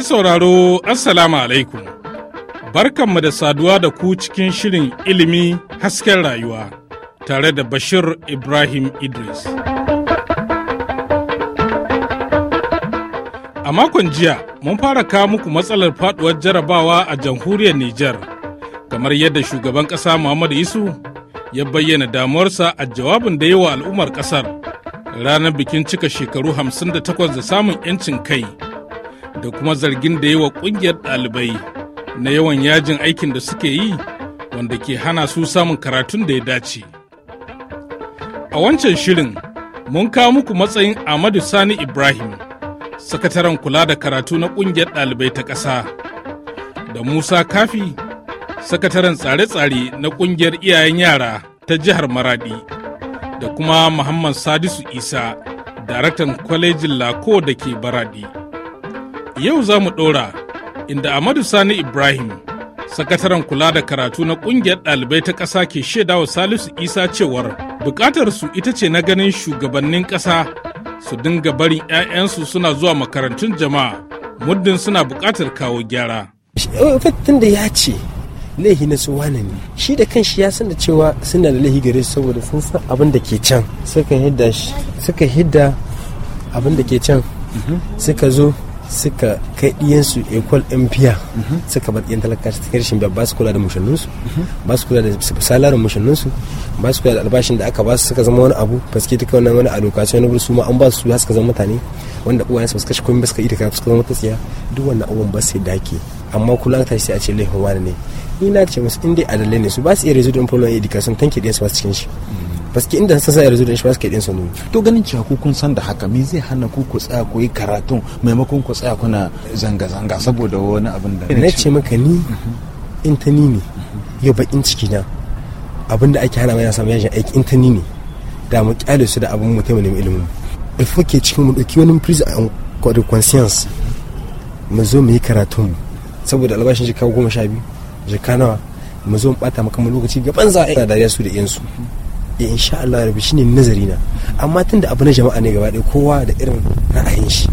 Masu sauraro, Assalamu alaikum. Barkanmu da saduwa da ku cikin shirin ilimi hasken rayuwa tare da Bashir Ibrahim Idris. A makon jiya, mun fara kawo muku matsalar faduwar jarabawa a jamhuriyar Nijar, kamar yadda shugaban ƙasa Muhammadu Isu ya bayyana damuwarsa a jawabin da yawa al'ummar ƙasar ranar bikin cika shekaru hamsin da 58 da samun 'yancin kai. da kuma zargin da yi wa kungiyar ɗalibai na yawan yajin aikin da suke yi wanda ke hana su samun karatun da ya dace. A wancan shirin mun kawo muku matsayin Ahmadu Sani Ibrahim, sakataren kula da karatu na ƙungiyar ɗalibai ta ƙasa, da Musa Kafi, sakataren tsare-tsare na ƙungiyar iyayen yara ta jihar Maradi, da kuma Muhammad Sadisu Isa, daraktan kwalejin Lako da ke Baradi. Yau za mu ɗora inda Amadu Sani Ibrahim, sakataren kula da karatu na ƙungiyar ɗalibai ta ƙasa ke shaidawa Salisu Isa cewar buƙatarsu ita ce na ganin shugabannin ƙasa su dinga barin 'ya'yansu suna zuwa makarantun jama'a muddin suna buƙatar kawo gyara. da ya ce laihi na su wane ne shi da kanshi ya san da cewa suna da laihi gare su saboda sun san abin da ke can suka hidda abin da ke can mhm. suka zo suka kai ɗiyansu ekol mpia mhm. suka bar ɗiyan talaka cikin rashin biya ba su kula da mushannunsu mhm. ba su kula da salarin mushannunsu ba su kula da albashin da aka ba su suka zama wani abu faske ta kawai wani alokaci wani wurin su an ba su suka zama mutane wanda uwayen su suka shi ba suka yi da kafin suka zama matasiya duk wannan abubuwan ba su dake amma kula ta shi a ce laifin wani ne ni na ce musu inda adalai ne su ba su iya rezo don fulon education tanke ɗiyansu ba su cikin shi mhm. paske inda sun sa yanzu da shi ba din kaɗin sanu to ganin cewa ku kun san da haka me zai hana ku ku tsaya ku yi karatu maimakon ku tsaya kuna zanga-zanga saboda wani abin da na ce maka ni in ta ni ne yau bakin ciki na abin da ake hana mai samun yajin aiki in ta ni ne da mu kyale su da abin mu taimaka nemi ilimin if ke cikin mu dauki wani prison and conscience mu zo mu yi karatun saboda albashin jika goma sha biyu jika mu zo mu bata maka lokaci gaban za a yi dariya su da iyansu ya eh, insha Allah rabi shine nazari na amma tunda abu na jama'a ne gaba ɗaya kowa da irin ra'ayin shi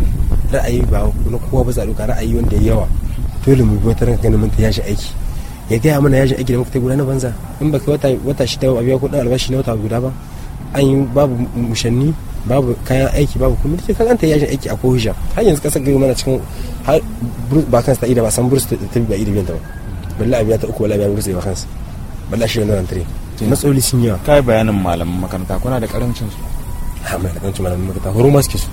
ra'ayi ba na kowa ba za ka ra'ayi wanda ya yawa dole mu bi wata ranka ganin mun ta yashi aiki ya gaya mana yaji aiki da muka ta guda na banza in baki wata wata shida a biya kudin albashi na wata guda ba an yi babu mushanni babu kayan aiki babu kuma duk kan ta yashi aiki a kohija har yanzu kasar gari mana cikin har ba kansa ta ida ba san burus ta bi ba ida biyan ta ba balla abiya ta uku balla abiya burus ba kansa balla shi ne na tare matsaloli sun yawa kai bayanin malaman makaranta kuna da karancin su ha mai da karancin malaman makaranta horo ma suke su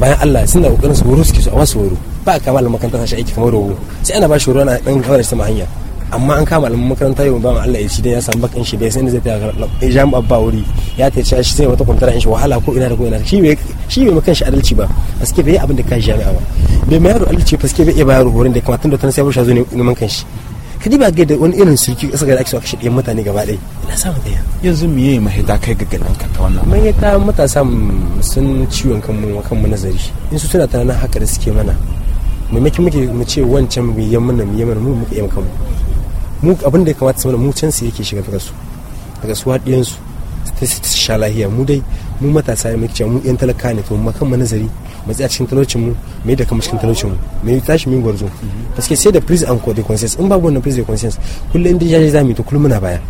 bayan Allah da kokarin su horo suke su a wasu horo ba ka malaman makaranta sai aiki kamar horo sai ana ba shi horo ana dan kawar sama hanya amma an kama malaman makaranta yau ba Allah ya ci dan ya samu bakin shi bai san da zai ta jami'a ba wuri ya ta ci shi sai wata kwantara in shi wahala ko ina da ko ina shi bai shi bai makan shi adalci ba aske bai abin da kai jami'a ba bai mai yaro adalci ba aske bai iya bayar horon da kamar tun da tun sai ba shi zo neman kan shi ka ba ga da wani irin sirki kasa ga ake so kashe ɗiyan mutane gaba ɗaya ina samun ɗaya yanzu mu yi mahita kai ga ganin ka ta wannan mahita matasa sun ciwon kanmu kanmu nazari in su suna tunanin haka da suke mana mu miki muke mu ce wancan mu yi mana mu yi mana mu ka yi kanmu mu abin da ya kamata su mana mu can su yake shiga daga su daga su haɗiyan su su sha lahiya mu dai mu matasa ne muke mu yan talaka ne to mu kan nazari mu tsaya cikin talaucin mu mai da kama cikin talaucin mu mu tashi min gwarzo paske sai da prise and de conscience in babu wannan prise de conscience kullum din jaje zamu to kullum muna baya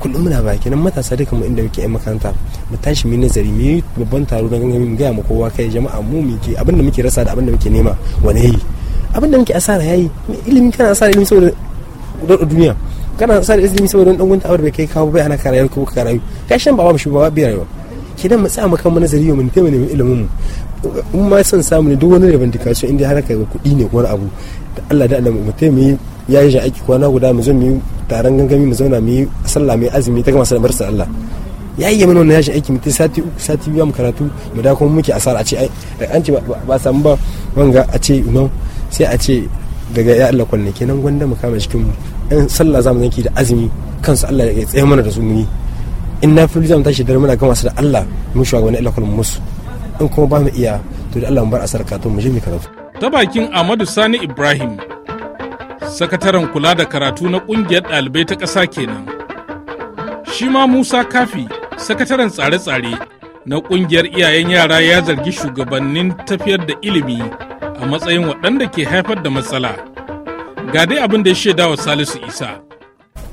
kullum muna baya kenan matasa duka mu inda muke a makaranta mu tashi min nazari mu yi babban taro na gangami mu gaya mu kowa kai jama'a mu ke abinda muke rasa da abinda muke nema wane yayi abinda muke asara yayi ilimin kana asara ilimin saboda duniya kana sa da izini saboda wani dangun ta'awar bai kai kawo bai ana karayar ko karayu ka shan ba ba shi ba ba biyar ba ki dan matsa mu kan mu nazari mu taimaka neman ilimin mu in ma san samu ne duk wani revendication inda har kai kuɗi ne ko wani abu Allah da Allah mu taimaka ya yi aiki kwana guda mu zo mu taron gangami mu zauna mu yi sallah mu yi azumi ta gama sallar sa Allah ya yi mana wannan yashin aiki mutum sati uku sati biyu mu karatu mu da kuma muke asara a ce an ce ba samu ba wanga a ce no sai a ce daga ya Allah kwanne kenan gwanda mu kama cikin mu in sallah zamu zanki da azumi kansu Allah ya tsaye mana da su mu yi in na fi zamu tashi dare muna gama su da Allah mu shugabanni wani kullum musu in kuma ba mu iya to da Allah mu bar asar karatu mu je mu karatu ta bakin Ahmadu Sani Ibrahim sakataren kula da karatu na kungiyar ɗalibai ta ƙasa kenan shi ma Musa Kafi sakataren tsare-tsare na kungiyar iyayen yara ya zargi shugabannin tafiyar da ilimi a matsayin waɗanda ke haifar da matsala. Ga dai abin da ya shaida wa Salisu Isa.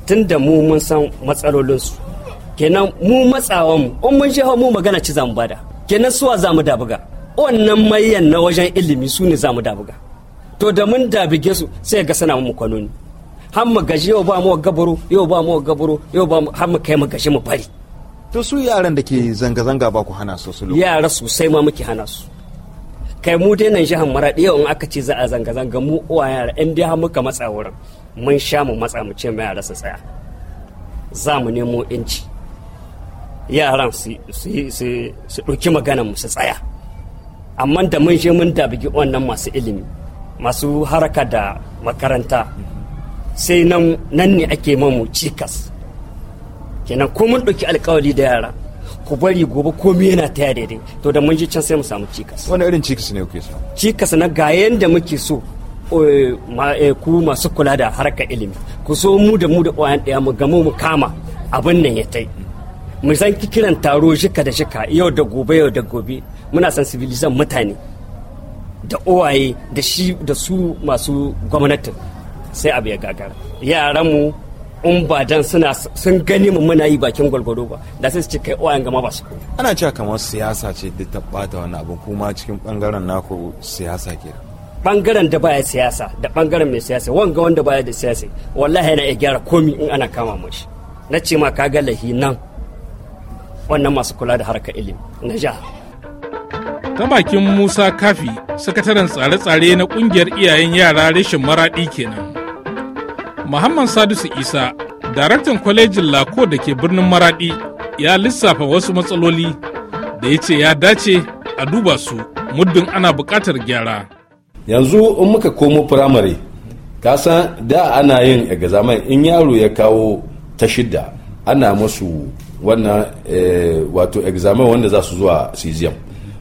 Tun da mu mun san matsalolinsu, kenan mu matsawanmu, in mun shi mu magana ci zamu bada, kenan suwa zamu dabuga. Wannan mayan na wajen ilimi su ne zamu dabuga. To da mun dabige su sai ga sana mu kwanoni. Har mu gaji yau ba mu gabaro, yau ba mu gabaro, yau ba mu har mu kai mu gaji mu bari. To su yaran da ke zanga-zanga ba ku hana su su Yara sosai ma muke hana su. kai mu dai nan shahan maraɗi yau in aka ce za a zanga-zanga mu uwa yara in dai muka matsa wurin mun sha mu matsa mu ce ma yara su tsaya za mu nemo inci yaran su ɗauki maganan mu su tsaya amma da mun je mun dabigi wannan masu ilimi masu haraka da makaranta sai nan ne ake mamu cikas kenan ko mun ɗauki alkawali da yara ku bari gobe komai yana taya daidai to da mun ji can sai mu samu cikas wani irin cikas ne kuke so cikas na ga yanda muke so eh, eh, ku masu kula da harkar ilimi ku so mu da mu da ƙwayan ɗaya mu gamu mu kama abin nan ya tai mu san kiran taro shika da shika yau da gobe yau da gobe muna san civilizan mutane da owaye da da su masu gwamnatin sai abu ya gagara yaranmu in ba dan suna sun gani mu muna yi bakin gwalgwado ba da sai su ce kai oyan gama ba su ana cewa kamar siyasa ce duk ta bata wani abu kuma cikin bangaren naku siyasa ke bangaren da baya siyasa da bangaren mai siyasa wanga wanda baya da siyasa wallahi yana iya gyara komi in ana kama mashi na ce ma ka ga lahi nan wannan masu kula da harkar ilimi na ja ta bakin musa kafi sakataren tsare-tsare na kungiyar iyayen yara rashin maraɗi kenan Muhammad Sadisu Isa, daraktan kwalejin Lako da ke birnin Maradi, ya lissafa wasu matsaloli da ya ce ya dace a duba su muddin ana buƙatar gyara. Yanzu in muka komo firamare, kasan da ana yin examen in yaro ya kawo ta shidda ana masu wannan eh, wato examen wanda za su zuwa cesium.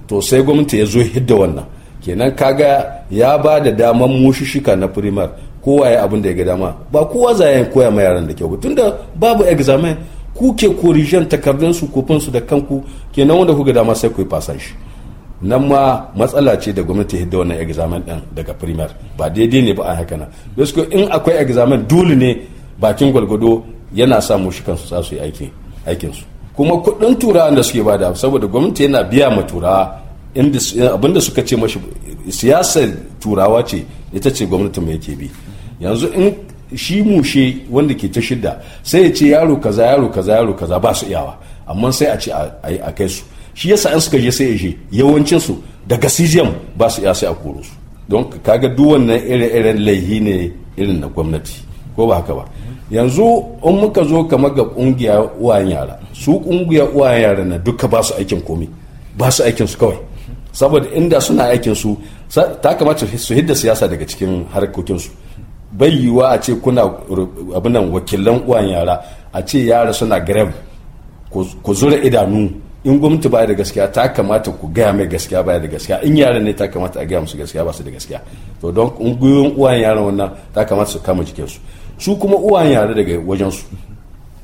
To sai gwamnati ya zo hidda wannan. kenan kaga ya ba da daman mushishika na primar kowa ya abin da ya ga dama ba kowa za yin koya ma yaran da kyau da babu examen ku ke korijen takardun su kofin da kanku kenan wanda ga dama sai ku fasa fasashi nan ma matsala ce da gwamnati hidda wannan examen din daga primar ba daidai ne ba a haka na gaskiya in akwai examen dole ne bakin gwalgwado yana sa mushikan su za su yi aikin su kuma kudin turawan da suke bada saboda gwamnati yana biya ma turawa abinda suka ce mashi siyasar turawa ce ita ce gwamnatin mai ke bi yanzu in shi mushe wanda ke ta shidda sai ya ce yaro kaza yaro kaza yaro kaza ba su iyawa amma sai a ce a kai su shi yasa in suka je sai ya je yawancin su daga cgm ba su iya sai a koro su don kaga duk wannan ire-iren laihi ne irin na gwamnati ko ba haka ba yanzu in muka zo kama ga kungiya uwayen yara su kungiya uwayen yara na duka ba su aikin komi ba su aikin su kawai saboda inda suna aikin su ta kamata su hidda siyasa daga cikin harkokin su bai yiwuwa a ce kuna abinan wakilan uwan yara a ce yara suna grave ku zura idanu in gwamnati baya da gaskiya ta kamata ku gaya mai gaskiya baya da gaskiya in yaran ne ta kamata a gaya musu gaskiya ba su da gaskiya to don ungiyoyin uwan yaran wannan ta kamata su kama jikin su kuma uwan yara daga wajen su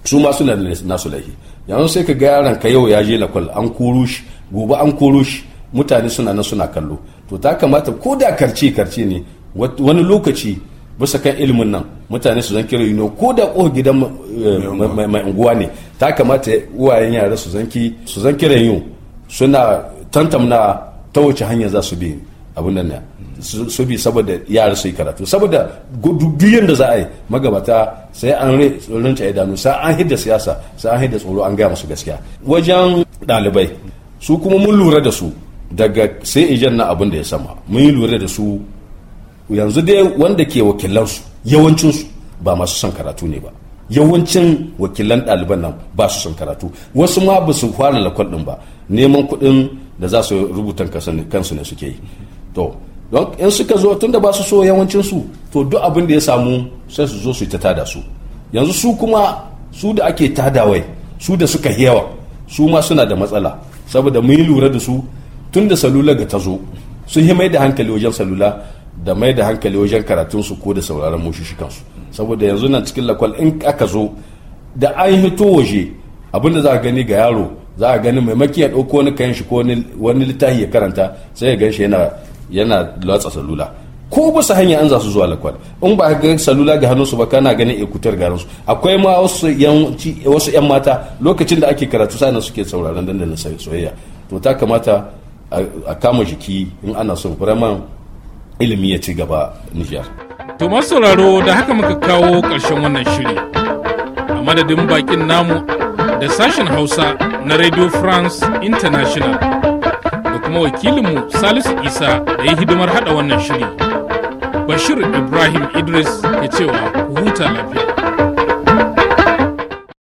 su ma suna da nasu laifi yanzu sai ka ga yaran ka yau ya je lakwal an kuru shi gobe an kuru shi mutane suna nan suna kallo to ta kamata ko da karci karci ne wani lokaci bisa kan ilimin nan mutane su zan kira ko da ko gidan eh, mai unguwa ne ta kamata uwayen yara su zanki su zan kira suna tantamna ta wace hanyar za su bi abin nan ne su bi saboda yara su yi karatu saboda duk da za a yi magabata sai an rinca idanu sai an hidda siyasa sai an hidda tsoro an gaya masu gaskiya wajen ɗalibai su kuma mun lura da su daga sai ijan na abin da ya sama mun yi lura da su yanzu dai wanda ke wakilansu yawancinsu ba masu son karatu ne ba yawancin wakilan ɗaliban nan ba su son karatu wasu ma ba su fara lakwal ɗin ba neman kuɗin da za su rubuta kansu ne suke yi to don in suka zo tunda ba su so yawancinsu to duk abin da ya samu sai su zo su ta tada su yanzu su kuma su da ake wai su da suka yawa su ma suna da matsala saboda mun yi lura da su tun da salula ga ta zo sun yi mai da hankali wajen salula da mai da hankali wajen karatunsu ko da sauraron kansu saboda yanzu nan cikin lakwal in aka zo da an hito waje abinda za a gani ga yaro za a gani maki ya ɗauko wani kayan shi ko wani littafi ya karanta sai ya ganshi yana yana latsa salula ko ba su hanya an za su zuwa lakwal in ba ga salula ga hannunsu ba kana ganin kutar garin su akwai ma wasu yan mata lokacin da ake karatu sa'an suke sauraron dandalin soyayya to ta kamata a kama jiki in ana son ilimi ya ci gaba Nijar. To sauraro da haka muka kawo ƙarshen wannan shiri. A madadin bakin namu da sashen Hausa na Radio France International da kuma wakilinmu Salisu Isa da ya hidimar hada wannan shiri. Bashir Ibrahim Idris ke cewa huta lafiya.